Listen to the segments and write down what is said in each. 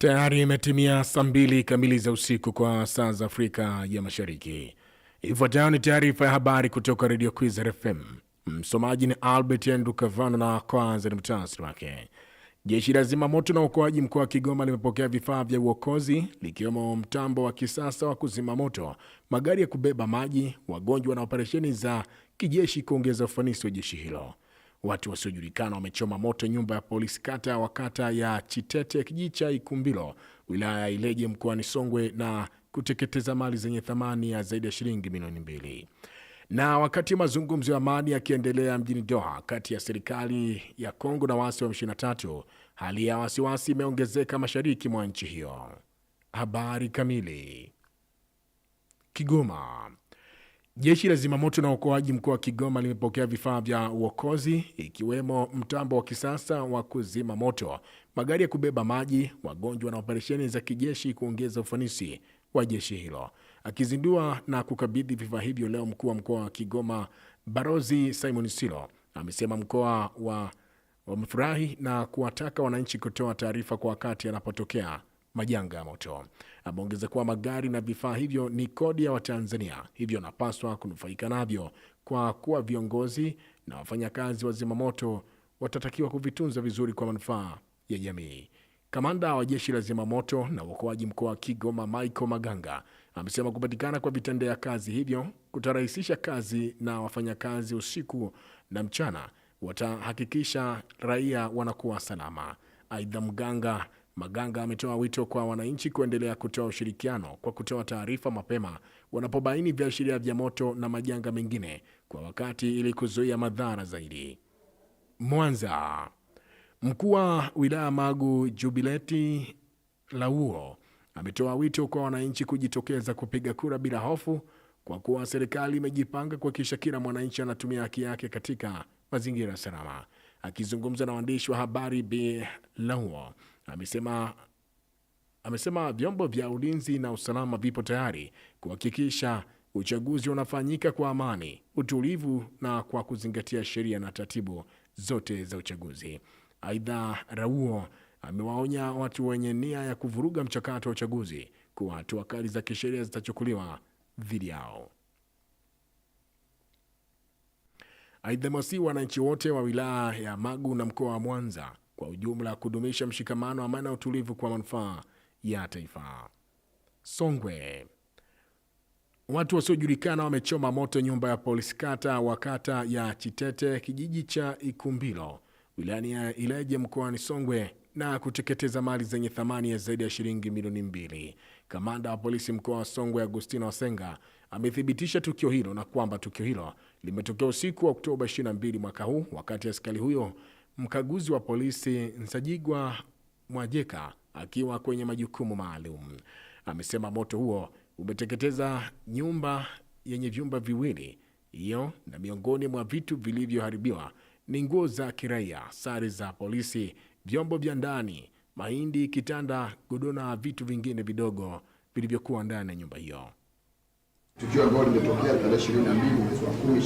Tayari imetimia saa mbili kamili za usiku kwa saa za Afrika ya Mashariki. Ifuatayo ni taarifa ya habari kutoka Redio Kwizera FM. Msomaji ni Albert Andrew Kavano na kwanza ni mtaasiri wake. Jeshi la zimamoto na uokoaji mkoa wa Kigoma limepokea vifaa vya uokozi likiwemo mtambo wa kisasa wa kuzima moto, magari ya kubeba maji, wagonjwa na operesheni za kijeshi kuongeza ufanisi wa jeshi hilo. Watu wasiojulikana wamechoma moto nyumba ya polisi kata wa kata ya Chitete, kijiji cha Ikumbilo, wilaya ya Ileje, mkoani Songwe na kuteketeza mali zenye thamani ya zaidi ya shilingi milioni mbili. Na wakati mazungumzo ya amani yakiendelea mjini Doha kati ya serikali ya Kongo na waasi wa M23, hali ya wasiwasi imeongezeka mashariki mwa nchi hiyo. Habari kamili Kigoma. Jeshi la zimamoto na uokoaji mkoa wa Kigoma limepokea vifaa vya uokozi ikiwemo mtambo wa kisasa wa kuzima moto, magari ya kubeba maji, wagonjwa na operesheni za kijeshi kuongeza ufanisi wa jeshi hilo. Akizindua na kukabidhi vifaa hivyo leo, mkuu wa mkoa wa Kigoma Barozi Simon Silo amesema mkoa wa wamefurahi na kuwataka wananchi kutoa taarifa kwa wakati anapotokea majanga ya moto. Ameongeza kuwa magari na vifaa hivyo ni kodi ya Watanzania, hivyo anapaswa kunufaika navyo, kwa kuwa viongozi na wafanyakazi wa zimamoto watatakiwa kuvitunza vizuri kwa manufaa ya jamii. Kamanda wa jeshi la zimamoto na uokoaji mkoa wa Kigoma, Michael Maganga, amesema kupatikana kwa vitendea kazi hivyo kutarahisisha kazi na wafanyakazi usiku na mchana watahakikisha raia wanakuwa salama. Aidha, Mganga Maganga ametoa wito kwa wananchi kuendelea kutoa ushirikiano kwa kutoa taarifa mapema wanapobaini viashiria vya moto na majanga mengine kwa wakati ili kuzuia madhara zaidi. Mwanza, mkuu wa wilaya Magu Jubileti Lauo ametoa wito kwa wananchi kujitokeza kupiga kura bila hofu kwa kuwa serikali imejipanga kuhakikisha kila mwananchi anatumia haki yake katika mazingira salama. Akizungumza na waandishi wa habari, Bi Lauo amesema amesema vyombo vya ulinzi na usalama vipo tayari kuhakikisha uchaguzi unafanyika kwa amani, utulivu na kwa kuzingatia sheria na taratibu zote za uchaguzi. Aidha, Rauo amewaonya watu wenye nia ya kuvuruga mchakato wa uchaguzi kuwa hatua kali za kisheria zitachukuliwa dhidi yao. Aidha, Masi wananchi wote wa wilaya ya Magu na mkoa wa Mwanza kwa ujumla kudumisha mshikamano, amani na utulivu kwa manufaa ya taifa. Songwe, watu wasiojulikana wamechoma moto nyumba ya polisi kata wa kata ya Chitete kijiji cha Ikumbilo wilayani ya Ileje mkoani Songwe na kuteketeza mali zenye thamani ya zaidi ya shilingi milioni mbili. Kamanda wa polisi mkoa wa Songwe Agustino Wasenga amethibitisha tukio hilo na kwamba tukio hilo limetokea usiku wa Oktoba 22 mwaka huu wakati askari huyo Mkaguzi wa polisi Nsajigwa Mwajeka akiwa kwenye majukumu maalum amesema moto huo umeteketeza nyumba yenye vyumba viwili hiyo, na miongoni mwa vitu vilivyoharibiwa ni nguo za kiraia, sare za polisi, vyombo vya ndani, mahindi, kitanda, godoro na vitu vingine vidogo vilivyokuwa ndani ya nyumba hiyo. Tukio ambalo limetokea tarehe 22 mwezi wa 10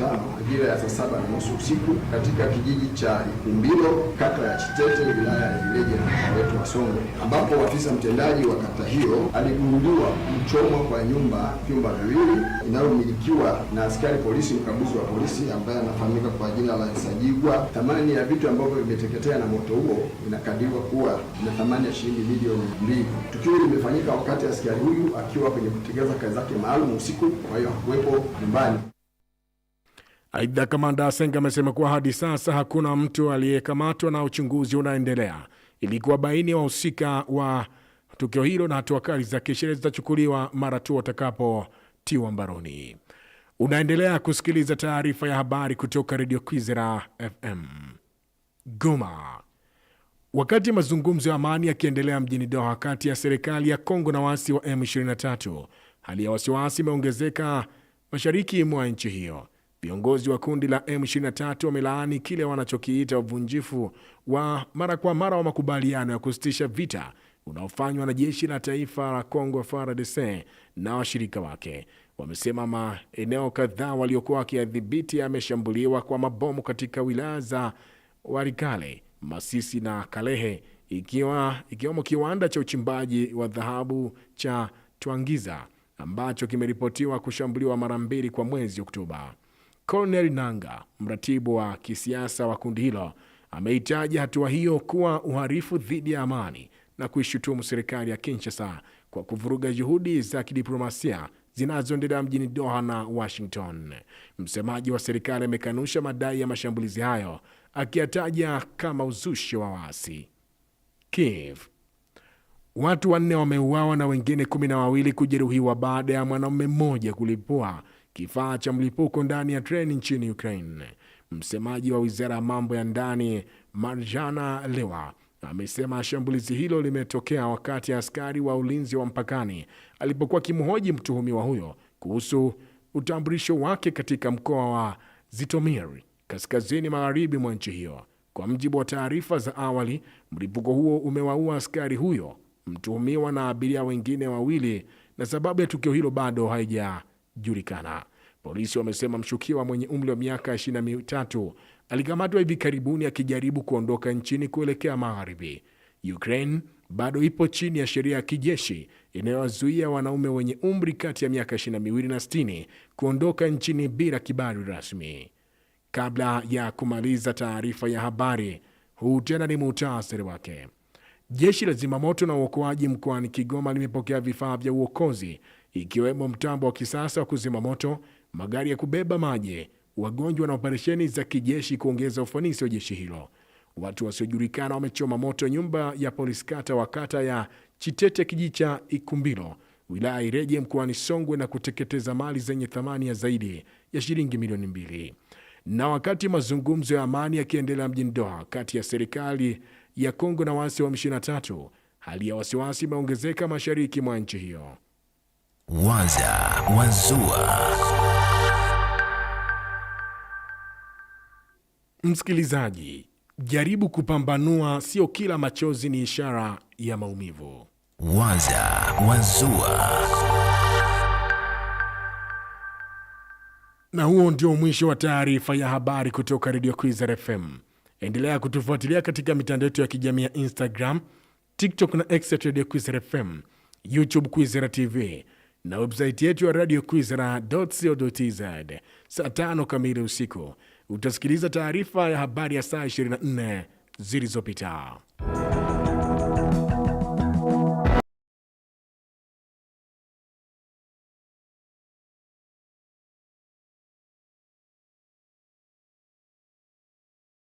2025 majira ya saa saba na nusu usiku katika kijiji cha Ikumbilo kata ya Chitete wilaya ya Ileje na mkoa wetu wa Songwe, ambapo afisa mtendaji wa kata hiyo aligundua mchomo kwa nyumba vyumba viwili inayomilikiwa na askari polisi mkaguzi wa polisi ambaye anafahamika kwa jina la Sajigwa. Thamani ya vitu ambavyo vimeteketea na moto huo inakadiriwa kuwa na thamani ya shilingi milioni mbili. Tukio limefanyika wakati askari huyu akiwa kwenye kutekeleza kazi zake maalum usiku, kwa hiyo hakuwepo nyumbani. Aidha, kamanda Asenga amesema kuwa hadi sasa hakuna mtu aliyekamatwa na uchunguzi unaendelea ili kuwabaini wahusika wa tukio hilo na hatua kali za kisheria zitachukuliwa mara tu watakapotiwa mbaroni. Unaendelea kusikiliza taarifa ya habari kutoka redio Kwizera FM Goma. Wakati mazungumzo ya amani yakiendelea mjini Doha kati ya serikali ya Kongo na waasi wa M23 hali ya wasiwasi imeongezeka mashariki mwa nchi hiyo. Viongozi wa kundi la M23 wamelaani kile wanachokiita uvunjifu wa mara kwa mara wa makubaliano ya kusitisha vita unaofanywa na jeshi la taifa la Kongo FARDC na washirika wake. Wamesema maeneo kadhaa waliokuwa wakiyadhibiti yameshambuliwa kwa mabomu katika wilaya za Walikale, Masisi na Kalehe, ikiwa ikiwemo kiwanda cha uchimbaji wa dhahabu cha Twangiza ambacho kimeripotiwa kushambuliwa mara mbili kwa mwezi Oktoba. Cornel Nanga, mratibu wa kisiasa wa kundi hilo, ameitaja hatua hiyo kuwa uharifu dhidi ya amani na kuishutumu serikali ya Kinshasa kwa kuvuruga juhudi za kidiplomasia zinazoendelea mjini Doha na Washington. Msemaji wa serikali amekanusha madai ya mashambulizi hayo akiyataja kama uzushi wa waasi Kiev Watu wanne wameuawa na wengine kumi na wawili kujeruhiwa baada ya mwanamume mmoja kulipua kifaa cha mlipuko ndani ya treni nchini Ukraine. Msemaji wa wizara ya mambo ya ndani Marjana Lewa amesema shambulizi hilo limetokea wakati askari wa ulinzi wa mpakani alipokuwa kimhoji mtuhumiwa huyo kuhusu utambulisho wake katika mkoa wa Zitomir kaskazini magharibi mwa nchi hiyo. Kwa mjibu wa taarifa za awali, mlipuko huo umewaua askari huyo mtuhumiwa na abiria wengine wawili, na sababu ya tukio hilo bado haijajulikana. Polisi wamesema mshukiwa mwenye umri wa miaka ishirini na mitatu alikamatwa hivi karibuni akijaribu kuondoka nchini kuelekea magharibi. Ukraine bado ipo chini ya sheria ya kijeshi inayowazuia wanaume wenye umri kati ya miaka 2 na 60 kuondoka nchini bila kibali rasmi. Kabla ya kumaliza taarifa ya habari, huu tena ni muhtasari wake. Jeshi la Zimamoto na Uokoaji mkoani Kigoma limepokea vifaa vya uokozi ikiwemo mtambo wa kisasa wa kuzima moto, magari ya kubeba maji, wagonjwa na operesheni za kijeshi kuongeza ufanisi wa jeshi hilo. Watu wasiojulikana wamechoma moto nyumba ya polisi kata wa kata ya Chitete kijiji cha Ikumbilo wilaya Ireje mkoani Songwe na kuteketeza mali zenye thamani ya zaidi ya shilingi milioni mbili. Na wakati mazungumzo ya amani yakiendelea mjini Doha kati ya serikali ya Kongo na waasi wa M23, hali ya wasiwasi imeongezeka mashariki mwa nchi hiyo. Waza Wazua. Msikilizaji, jaribu kupambanua, sio kila machozi ni ishara ya maumivu. Waza Wazua. Na huo ndio mwisho wa taarifa ya habari kutoka Radio Kwizera FM. Endelea kutufuatilia katika mitandao yetu ya kijamii ya Instagram, TikTok na X Radio Kwizera FM, YouTube Kwizera TV na websaiti yetu ya radio kwizera.co.tz. Saa tano kamili usiku utasikiliza taarifa ya habari ya saa 24 zilizopita.